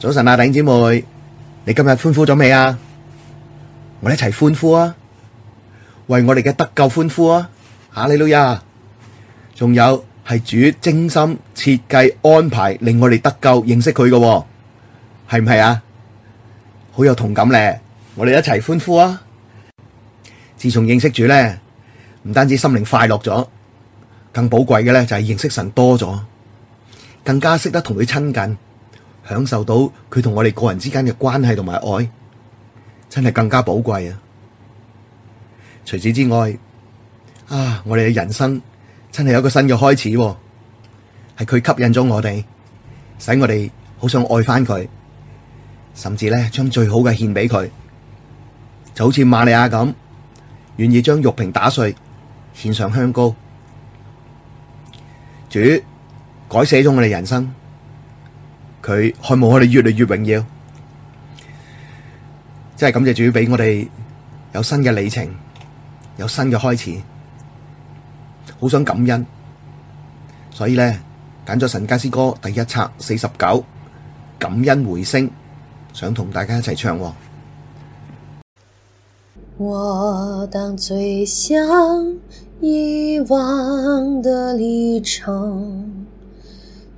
早晨啊，弟兄姊妹，你今日歡呼咗未啊？我哋一齊歡呼啊，為我哋嘅得救歡呼啊！哈利路亞！仲有係主精心設計安排令我哋得救認識佢嘅，係唔係啊？好有同感咧，我哋一齊歡呼啊！自從認識主咧，唔單止心靈快樂咗，更寶貴嘅咧就係認識神多咗，更加識得同佢親近。享受到佢同我哋個人之間嘅關係同埋愛，真係更加寶貴啊！除此之外，啊，我哋嘅人生真係有一個新嘅開始，係佢吸引咗我哋，使我哋好想愛返佢，甚至咧將最好嘅獻俾佢，就好似瑪利亞咁，願意將玉瓶打碎，獻上香膏，主改寫咗我哋人生。佢看望我哋越嚟越榮耀，真係感謝主畀我哋有新嘅里程，有新嘅開始，好想感恩，所以呢，揀咗《神家詩歌》第一冊四十九《感恩回聲》，想同大家一齊唱哦。我當最想以往嘅旅程。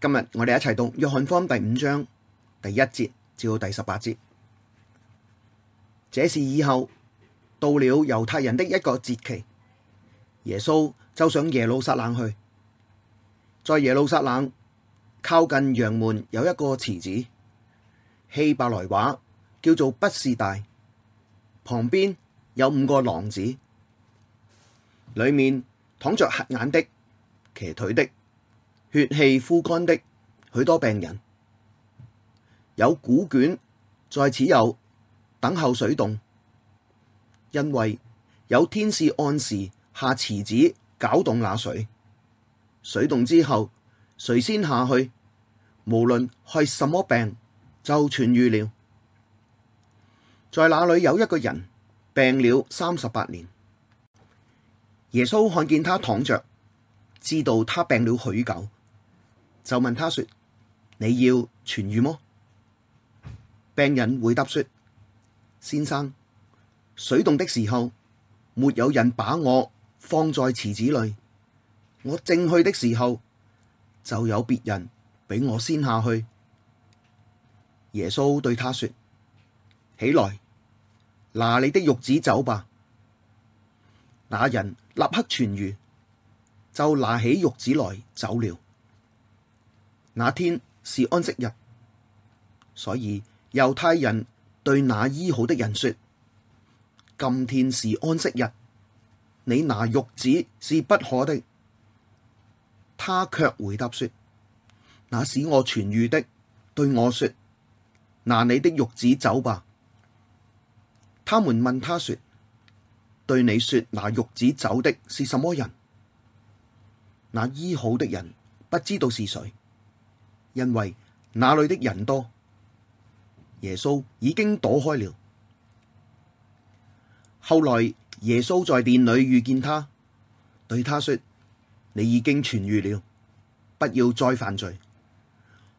今日我哋一齊讀約翰福音》第五章第一節至到第十八節。這事以後，到了猶太人的一個節期，耶穌就上耶路撒冷去。在耶路撒冷，靠近羊門有一個池子，希伯來話叫做畢士大，旁邊有五個廊子，裡面躺着瞎眼的、瘸腿的。血氣枯乾的許多病人，有古卷在此有等候水動，因為有天使按時下池子攪動那水。水動之後，誰先下去？無論系什麼病，就痊癒了。在那裏有一個人病了三十八年，耶穌看見他躺着，知道他病了許久。就問他說：你要痊愈麼？病人回答說：先生，水動的時候，沒有人把我放在池子裡，我正去的時候，就有別人比我先下去。耶穌對他說：起來，拿你的褥子走吧。那人立刻痊癒，就拿起褥子來走了。那天是安息日，所以猶太人對那醫好的人說：今天是安息日，你拿褥子是不可的。他卻回答說：那使我痊癒的，對我說：拿你的褥子走吧。他們問他說：對你說拿褥子走的是什麼人？那醫好的人不知道是誰。因為那裡的人多，耶穌已經躲開了。後來耶穌在殿裡遇見他，對他說：你已經痊癒了，不要再犯罪，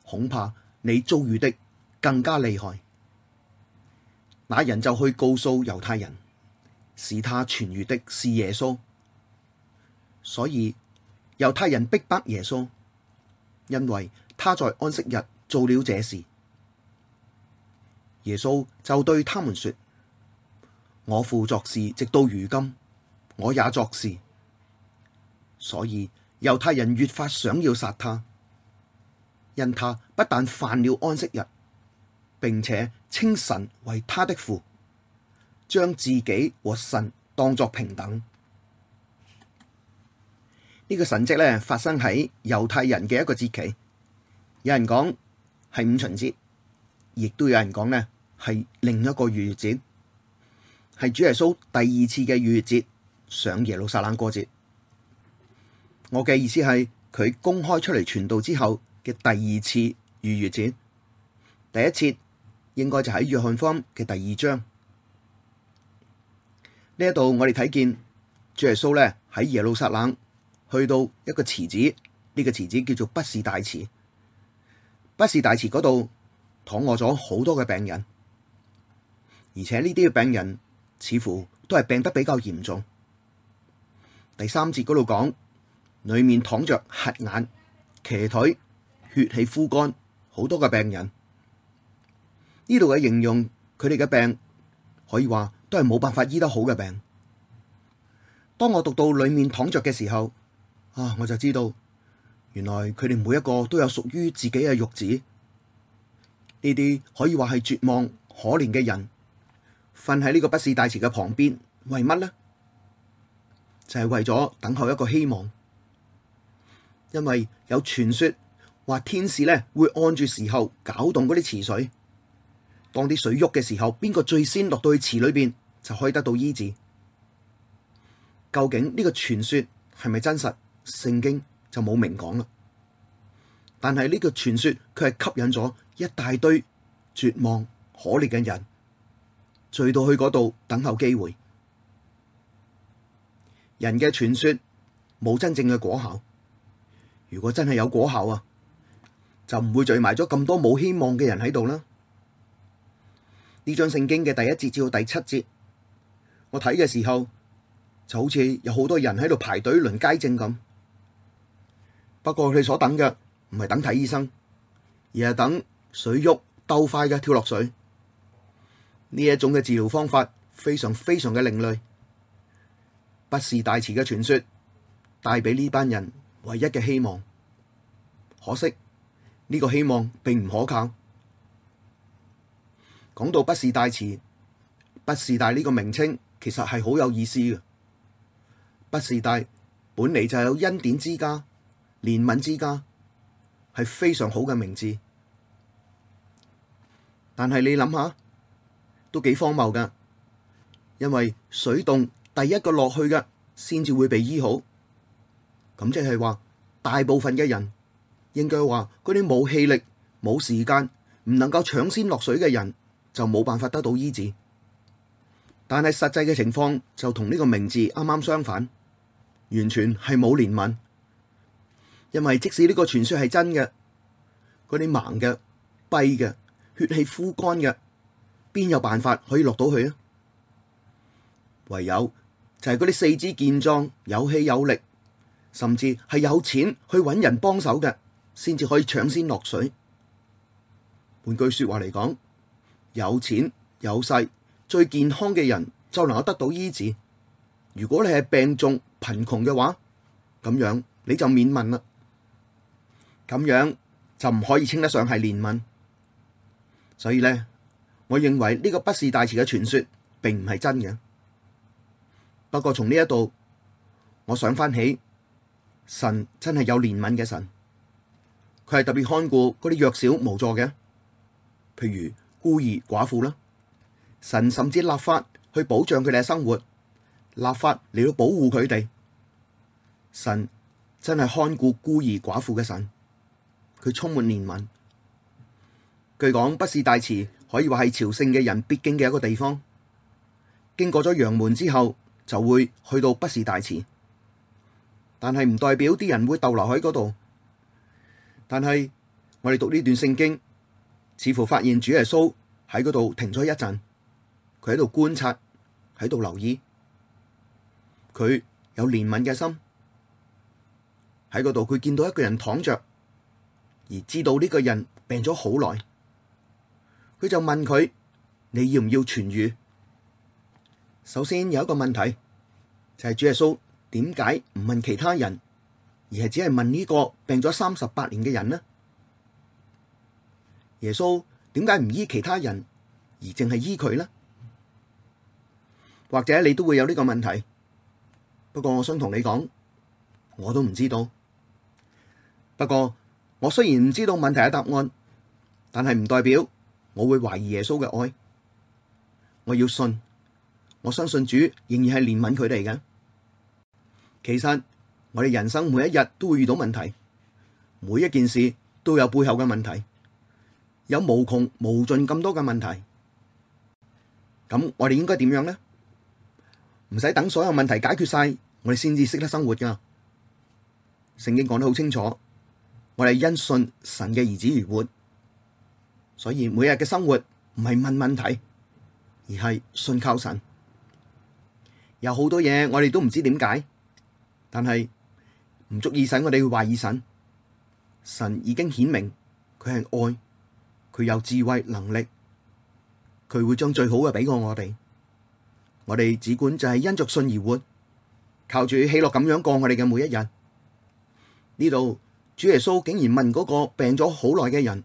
恐怕你遭遇的更加厲害。那人就去告訴猶太人，使他痊癒的是耶穌。所以猶太人逼迫，迫耶穌，因為他在安息日做了這事，耶穌就對他們說：我父作事，直到如今，我也作事。所以猶太人越發想要殺他，因他不但犯了安息日，並且稱神為他的父，將自己和神當作平等。呢、這個神蹟咧，發生喺猶太人嘅一個節期。有人講係五旬節，亦都有人講咧係另一個逾越節，係主耶穌第二次嘅逾越節，上耶路撒冷過節。我嘅意思係佢公開出嚟傳道之後嘅第二次逾越節，第一次應該就喺約翰方嘅第二章呢一度，我哋睇見主耶穌咧喺耶路撒冷去到一個池子，呢個池子叫做畢士大池。畢士大池嗰度躺臥咗好多嘅病人，而且呢啲嘅病人似乎都係病得比較嚴重。第三節嗰度講，裏面躺着瞎眼、瘸腿、血氣枯乾，好多嘅病人。呢度嘅形容，佢哋嘅病可以話都係冇辦法醫得好嘅病。當我讀到裏面躺着嘅時候，啊，我就知道。原來佢哋每一個都有屬於自己嘅醫治，呢啲可以話係絕望可憐嘅人，瞓喺呢個畢士大池嘅旁邊，為乜呢？就係、是、為咗等候一個希望，因為有傳說話天使咧會按住時候攪動嗰啲池水，當啲水喐嘅時候，邊個最先落到去池裏邊，就可以得到醫治。究竟呢個傳說係咪真實？聖經，就冇明講啦，但係呢個傳說卻係吸引咗一大堆絕望可憐嘅人聚到去嗰度等候機會。人嘅傳說冇真正嘅果效，如果真係有果效啊，就唔會聚埋咗咁多冇希望嘅人喺度啦。呢章聖經嘅第一節至到第七節，我睇嘅時候就好似有好多人喺度排隊輪街症咁。不過佢哋所等嘅唔係等睇醫生，而係等水喐，鬥快嘅跳落水。呢一種嘅治療方法非常非常嘅另類，畢士大池嘅傳説帶俾呢班人唯一嘅希望。可惜呢個希望並唔可靠。講到畢士大池，畢士大呢個名稱其實係好有意思嘅。畢士大本嚟就有恩典之家。憐憫之家係非常好嘅名字，但係你諗下都幾荒謬噶，因為水動第一個落去嘅先至會被醫好，咁即係話大部分嘅人應該話嗰啲冇氣力、冇時間、唔能夠搶先落水嘅人就冇辦法得到醫治，但係實際嘅情況就同呢個名字啱啱相反，完全係冇憐憫。因為即使呢個傳說係真嘅，嗰啲盲嘅、跛嘅、血氣枯乾嘅，邊有辦法可以落到去啊？唯有就係嗰啲四肢健壯、有氣有力，甚至係有錢去搵人幫手嘅，先至可以搶先落水。換句說話嚟講，有錢有勢、最健康嘅人就能夠得到醫治。如果你係病重貧窮嘅話，咁樣你就免問啦。咁樣就唔可以稱得上係憐憫，所以咧，我認為呢個畢士大池嘅傳說，並唔係真嘅。不過從呢一度，我想翻起，神真係有憐憫嘅神，佢係特別看顧嗰啲弱小無助嘅，譬如孤兒寡婦啦。神甚至立法去保障佢哋嘅生活，立法嚟到保護佢哋。神真係看顧孤兒寡婦嘅神。佢充滿憐憫。據講，畢士大池可以話係朝聖嘅人必經嘅一個地方。經過咗羊門之後，就會去到畢士大池。但係唔代表啲人會逗留喺嗰度。但係我哋讀呢段聖經，似乎發現主耶穌喺嗰度停咗一陣，佢喺度觀察，喺度留意，佢有憐憫嘅心喺嗰度。佢見到一個人躺着。而知道呢個人病咗好耐，佢就問佢：你要唔要痊癒？首先有一個問題，就係主耶穌點解唔問其他人，而係只係問呢個病咗三十八年嘅人呢？耶穌點解唔醫其他人，而淨係醫佢呢？或者你都會有呢個問題，不過我想同你講，我都唔知道。不過。我雖然唔知道問題嘅答案，但係唔代表我會懷疑耶穌嘅愛。我要信，我相信主仍然係憐憫佢哋嘅。其實我哋人生每一日都會遇到問題，每一件事都有背後嘅問題，有無窮無盡咁多嘅問題。咁我哋應該點樣呢？唔使等所有問題解決晒，我哋先至識得生活噶。聖經講得好清楚。我哋因信神嘅兒子而活，所以每日嘅生活唔係問問題，而係信靠神。有好多嘢我哋都唔知點解，但係唔足以使我哋去懷疑神。神已經顯明，佢係愛，佢有智慧能力，佢會將最好嘅俾過我哋。我哋只管就係因着信而活，靠住喜樂咁樣過我哋嘅每一日。呢度。主耶穌竟然問嗰個病咗好耐嘅人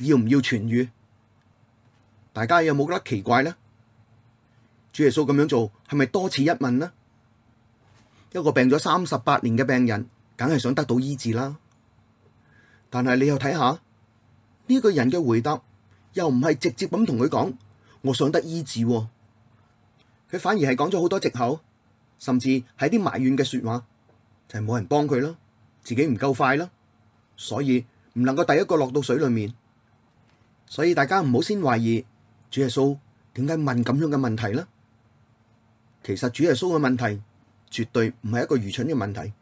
要唔要痊癒？大家有冇覺得奇怪呢？主耶穌咁樣做係咪多此一問呢？一個病咗三十八年嘅病人，梗係想得到醫治啦。但係你又睇下呢個人嘅回答，又唔係直接咁同佢講，我想得醫治。佢反而係講咗好多藉口，甚至係啲埋怨嘅說話，就係、是、冇人幫佢囉，自己唔夠快囉。所以唔能夠第一個落到水裏面，所以大家唔好先懷疑主耶穌點解問咁樣嘅問題呢？其實主耶穌嘅問題絕對唔係一個愚蠢嘅問題，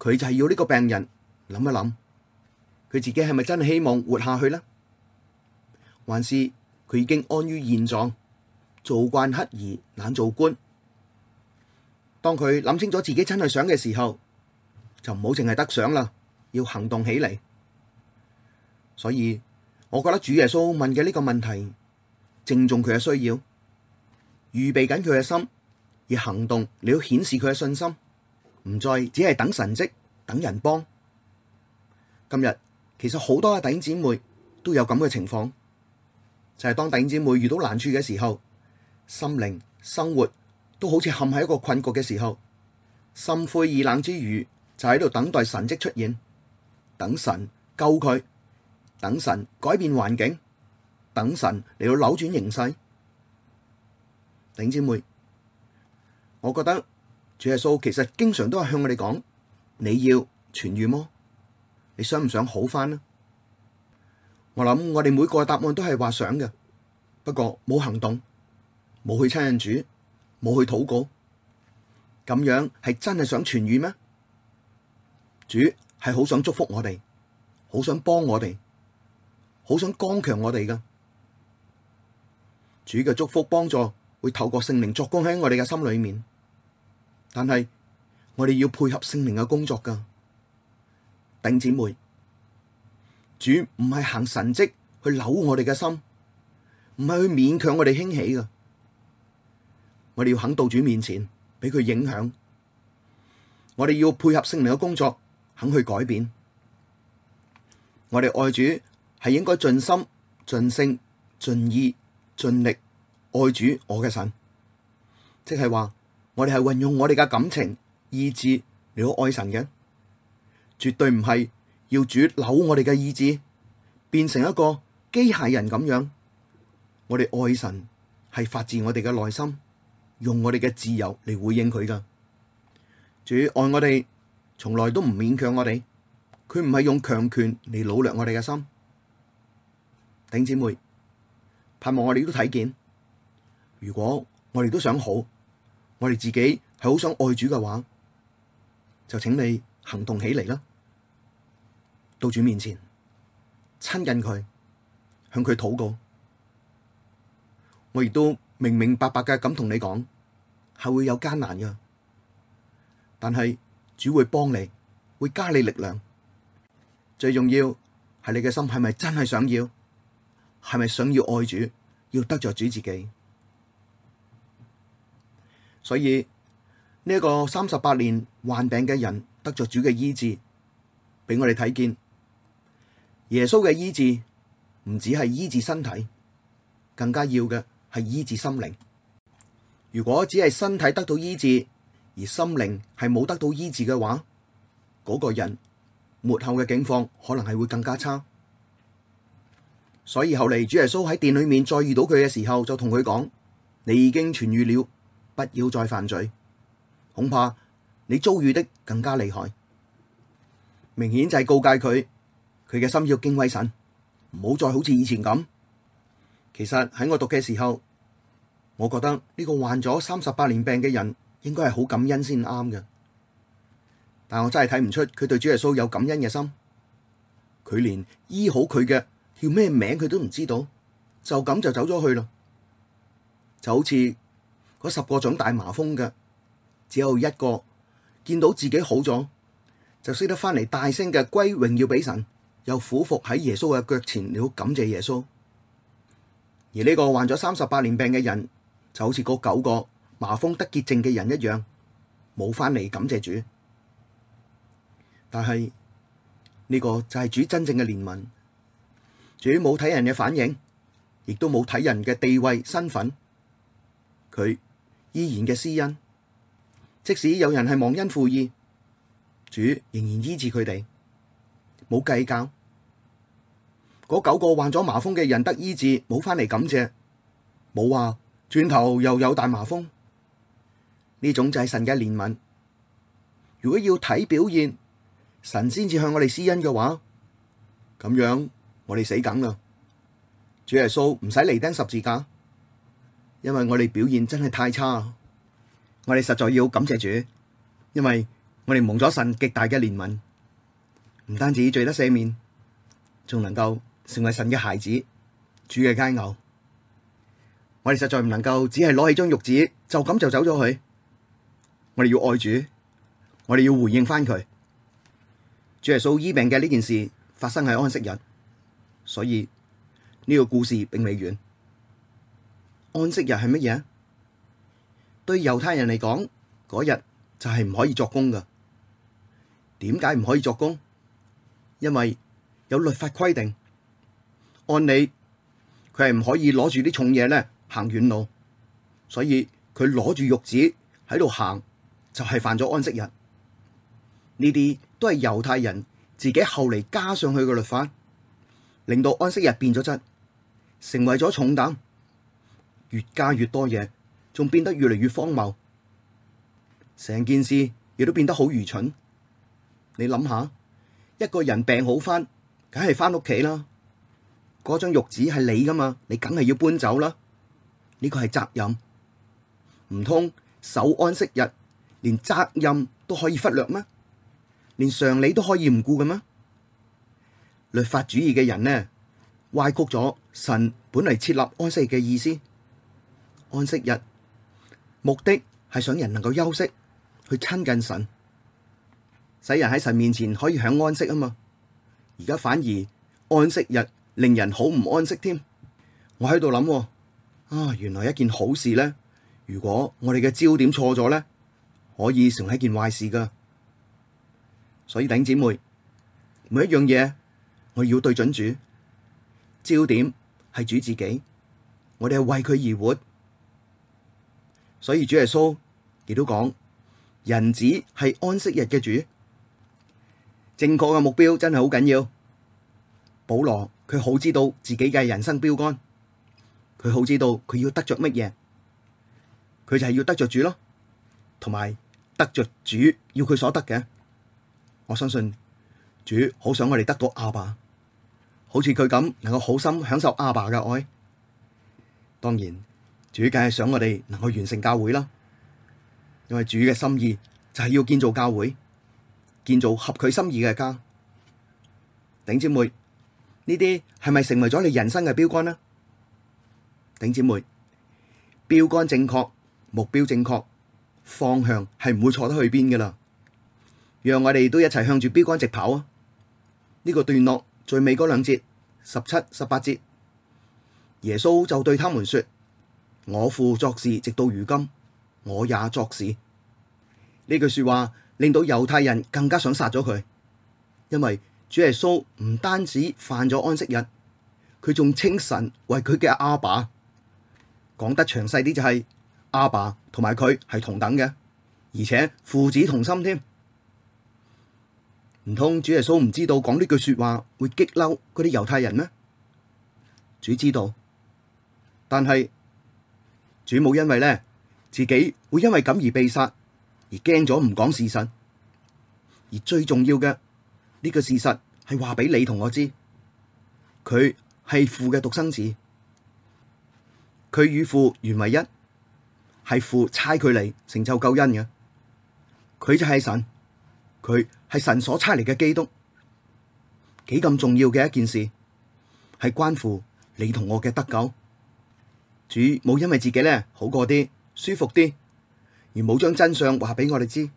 佢就係要呢個病人諗一諗，佢自己係咪真係希望活下去呢？還是佢已經安於現狀，做慣乞兒，懶做官？當佢諗清楚自己真係想嘅時候，就唔好淨係得想啦。要行動起嚟，所以我覺得主耶穌問嘅呢個問題正中佢嘅需要，預備緊佢嘅心而行動，你要顯示佢嘅信心，唔再只係等神蹟等人幫。今日其實好多嘅弟兄姊妹都有咁嘅情況，就係、是、當弟兄姊妹遇到難處嘅時候，心靈生活都好似陷喺一個困局嘅時候，心灰意冷之餘就喺度等待神蹟出現。等神救佢，等神改變環境，等神嚟到扭轉形勢。頂姊妹，我覺得主耶穌其實經常都係向我哋講，你要痊癒麼？你想唔想好返呢？我諗我哋每個答案都係話想嘅，不過冇行動，冇去親近主，冇去禱告，咁樣係真係想痊癒咩？主。係好想祝福我哋，好想幫我哋，好想剛強我哋噶。主嘅祝福幫助會透過聖靈作工喺我哋嘅心裏面，但係我哋要配合聖靈嘅工作噶，頂姊妹，主唔係行神跡去扭我哋嘅心，唔係去勉強我哋興起噶，我哋要肯到主面前俾佢影響，我哋要配合聖靈嘅工作。肯去改變，我哋愛主係應該盡心、盡性、盡意、盡力愛主我嘅神，即係話我哋係運用我哋嘅感情、意志嚟去愛神嘅，絕對唔係要主扭我哋嘅意志，變成一個機械人咁樣。我哋愛神係發自我哋嘅內心，用我哋嘅自由嚟回應佢噶。主愛我哋。從來都唔勉強我哋，佢唔係用強權嚟擄掠我哋嘅心，頂姐妹，盼望我哋都睇見，如果我哋都想好，我哋自己係好想愛主嘅話，就請你行動起嚟啦，到主面前親近佢，向佢禱告，我亦都明明白白嘅咁同你講，係會有艱難嘅，但係。主會幫你，會加你力量。最重要係你嘅心係咪真係想要？係咪想要愛主？要得着主自己。所以呢一個三十八年患病嘅人得着主嘅醫治，俾我哋睇見耶穌嘅醫治唔止係醫治身體，更加要嘅係醫治心靈。如果只係身體得到醫治，而心靈係冇得到醫治嘅話，嗰個人末後嘅境況可能係會更加差。所以後嚟主耶穌喺殿裏面再遇到佢嘅時候，就同佢講：你已經痊癒了，不要再犯罪，恐怕你遭遇的更加厲害。明顯就係告誡佢，佢嘅心要敬畏神，唔好再好似以前咁。其實喺我讀嘅時候，我覺得呢個患咗三十八年病嘅人，應該係好感恩先啱嘅，但我真係睇唔出佢對主耶穌有感恩嘅心，佢連醫好佢嘅叫咩名佢都唔知道，就咁就走咗去咯。就好似嗰十個長大麻風嘅，只有一個見到自己好咗，就識得翻嚟大聲嘅歸榮耀俾神，又俯伏喺耶穌嘅腳前你好感謝耶穌，而呢個患咗三十八年病嘅人就好似嗰九個。麻風得潔淨嘅人一樣，冇翻嚟感謝主。但係呢、這個就係主真正嘅憐憫，主冇睇人嘅反應，亦都冇睇人嘅地位身份，佢依然嘅施恩。即使有人係忘恩負義，主仍然醫治佢哋，冇計較。嗰九個患咗麻風嘅人得醫治，冇翻嚟感謝，冇話轉頭又有大麻風。呢種就係神嘅憐憫。如果要睇表現，神先至向我哋施恩嘅話，咁樣我哋死梗啦。主耶穌唔使嚟釘十字架，因為我哋表現真係太差。我哋實在要感謝主，因為我哋蒙咗神極大嘅憐憫，唔單止罪得赦免，仲能夠成為神嘅孩子、主嘅佳偶。我哋實在唔能夠只係攞起張褥子就咁就走咗去。我哋要愛主，我哋要回應返佢。主耶穌醫病嘅呢件事發生喺安息日，所以呢個故事並未完。安息日係乜嘢？對猶太人嚟講，嗰日就係唔可以作工噶。點解唔可以作工？因為有律法規定，按理佢係唔可以攞住啲重嘢咧行遠路，所以佢攞住褥子喺度行。就係犯咗安息日，呢啲都係猶太人自己後嚟加上去嘅律法，令到安息日變咗質，成為咗重擔，越加越多嘢，仲變得越嚟越荒謬，成件事亦都變得好愚蠢。你諗下，一個人病好返，梗係返屋企啦，嗰張褥子係你㗎嘛，你梗係要搬走啦，呢個係責任。唔通守安息日？連責任都可以忽略咩？連常理都可以唔顧嘅咩？律法主義嘅人呢，歪曲咗神本嚟設立安息嘅意思。安息日目的係想人能夠休息，去親近神，使人喺神面前可以享安息啊嘛。而家反而安息日令人好唔安息添。我喺度諗，啊，原來一件好事呢。如果我哋嘅焦點錯咗呢。可以成為一件壞事噶所以弟姐妹，每一樣嘢我要對準主，焦點係主自己，我哋係為佢而活，所以主耶穌亦都講，人子係安息日嘅主，正確嘅目標真係好緊要。保羅佢好知道自己嘅人生標杆，佢好知道佢要得着乜嘢，佢就係要得着主咯，同埋。得著主，要佢所得嘅，我相信主好想我哋得到阿爸，好似佢咁，能夠好心享受阿爸嘅愛。當然，主梗係想我哋能夠完成教會啦，因為主嘅心意就係要建造教會，建造合佢心意嘅家。頂姐妹，呢啲係咪成為咗你人生嘅標杆呢？頂姐妹，標杆正確，目標正確。方向係唔會坐得去邊噶啦，讓我哋都一齊向住標杆直跑啊！呢、這個段落最尾嗰兩節十七、十八節，耶穌就對他們說：我父作事，直到如今，我也作事。呢句說話令到猶太人更加想殺咗佢，因為主耶穌唔單止犯咗安息日，佢仲稱神為佢嘅阿爸。講得詳細啲就係、是。阿爸同埋佢係同等嘅，而且父子同心添。唔通主耶穌唔知道講呢句說話會激嬲嗰啲猶太人咩？主知道，但係主冇因為咧，自己會因為咁而被殺而驚咗唔講事實，而最重要嘅呢個事實係話俾你同我知，佢係父嘅獨生子，佢與父原為一。係父差佢嚟成就救恩嘅，佢就係神，佢係神所差嚟嘅基督，幾咁重要嘅一件事，係關乎你同我嘅得救。主冇因為自己咧好過啲舒服啲，而冇將真相話俾我哋知，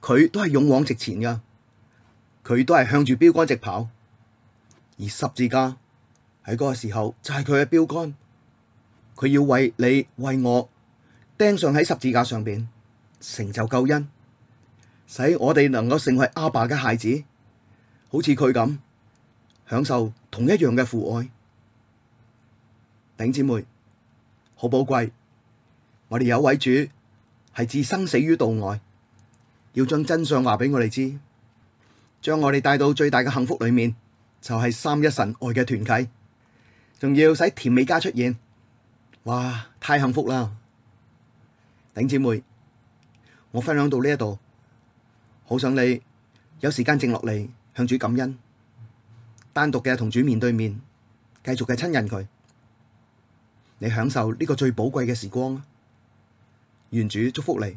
佢都係勇往直前噶，佢都係向住標杆直跑，而十字架喺嗰個時候就係佢嘅標杆，佢要為你為我。釘上喺十字架上邊，成就救恩，使我哋能夠成為阿爸嘅孩子，好似佢咁，享受同一樣嘅父愛。頂姊妹好寶貴，我哋有位主係置生死於度外，要將真相話俾我哋知，將我哋帶到最大嘅幸福裏面，就係、是、三一神愛嘅團契，仲要使甜美加出現，哇！太幸福啦！領姐妹，我分享到呢一度，好想你有時間靜落嚟向主感恩，單獨嘅同主面對面，繼續嘅親近佢，你享受呢個最寶貴嘅時光啊！願主祝福你。